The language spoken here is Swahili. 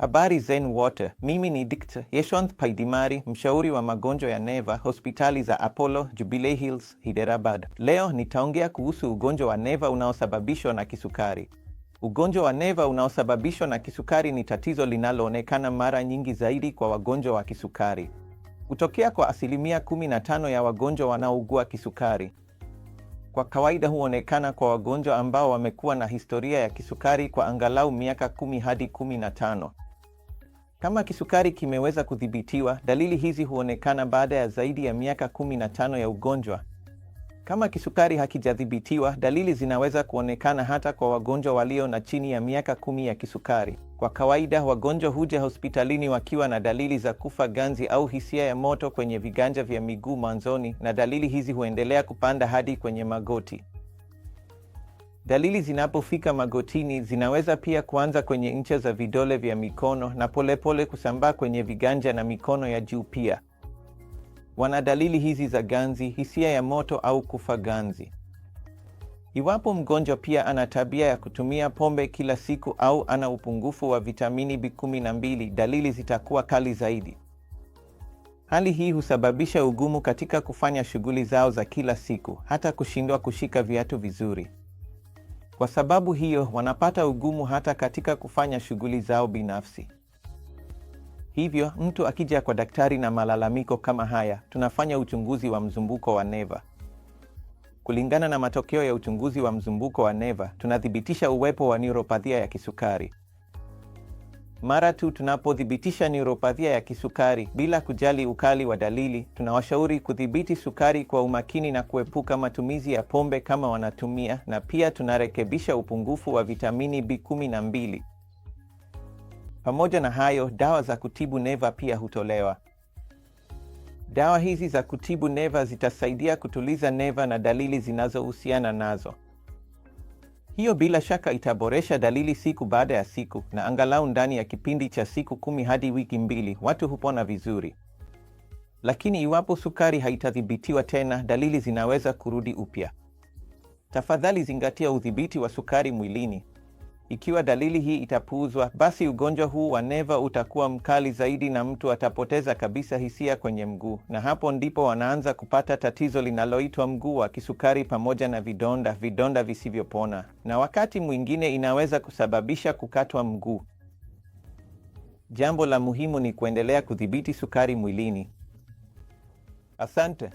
Habari zenu wote, mimi ni Dikt Yeshwant Paidimari, mshauri wa magonjwa ya neva hospitali za Apollo, Jubilee Hills, Hyderabad. Leo nitaongea kuhusu ugonjwa wa neva unaosababishwa na kisukari. Ugonjwa wa neva unaosababishwa na kisukari ni tatizo linaloonekana mara nyingi zaidi kwa wagonjwa wa kisukari. Hutokea kwa asilimia 15 ya wagonjwa wanaougua kisukari. Kwa kawaida huonekana kwa wagonjwa ambao wamekuwa na historia ya kisukari kwa angalau miaka 1 hadi 1 na kama kisukari kimeweza kudhibitiwa, dalili hizi huonekana baada ya zaidi ya miaka 15 ya ugonjwa. Kama kisukari hakijadhibitiwa, dalili zinaweza kuonekana hata kwa wagonjwa walio na chini ya miaka kumi ya kisukari. Kwa kawaida, wagonjwa huja hospitalini wakiwa na dalili za kufa ganzi au hisia ya moto kwenye viganja vya miguu mwanzoni, na dalili hizi huendelea kupanda hadi kwenye magoti. Dalili zinapofika magotini zinaweza pia kuanza kwenye ncha za vidole vya mikono na polepole kusambaa kwenye viganja na mikono ya juu pia. Wana dalili hizi za ganzi, hisia ya moto au kufa ganzi. Iwapo mgonjwa pia ana tabia ya kutumia pombe kila siku au ana upungufu wa vitamini B12, dalili zitakuwa kali zaidi. Hali hii husababisha ugumu katika kufanya shughuli zao za kila siku, hata kushindwa kushika viatu vizuri. Kwa sababu hiyo, wanapata ugumu hata katika kufanya shughuli zao binafsi. Hivyo, mtu akija kwa daktari na malalamiko kama haya, tunafanya uchunguzi wa mzumbuko wa neva. Kulingana na matokeo ya uchunguzi wa mzumbuko wa neva, tunathibitisha uwepo wa neuropathia ya kisukari. Mara tu tunapothibitisha neuropathia ya kisukari, bila kujali ukali wa dalili, tunawashauri kudhibiti sukari kwa umakini na kuepuka matumizi ya pombe kama wanatumia, na pia tunarekebisha upungufu wa vitamini B12. Pamoja na hayo, dawa za kutibu neva pia hutolewa. Dawa hizi za kutibu neva zitasaidia kutuliza neva na dalili zinazohusiana nazo. Hiyo bila shaka itaboresha dalili siku baada ya siku, na angalau ndani ya kipindi cha siku kumi hadi wiki mbili watu hupona vizuri. Lakini iwapo sukari haitadhibitiwa tena, dalili zinaweza kurudi upya. Tafadhali zingatia udhibiti wa sukari mwilini. Ikiwa dalili hii itapuuzwa, basi ugonjwa huu wa neva utakuwa mkali zaidi na mtu atapoteza kabisa hisia kwenye mguu, na hapo ndipo wanaanza kupata tatizo linaloitwa mguu wa kisukari pamoja na vidonda, vidonda visivyopona, na wakati mwingine inaweza kusababisha kukatwa mguu. Jambo la muhimu ni kuendelea kudhibiti sukari mwilini. Asante.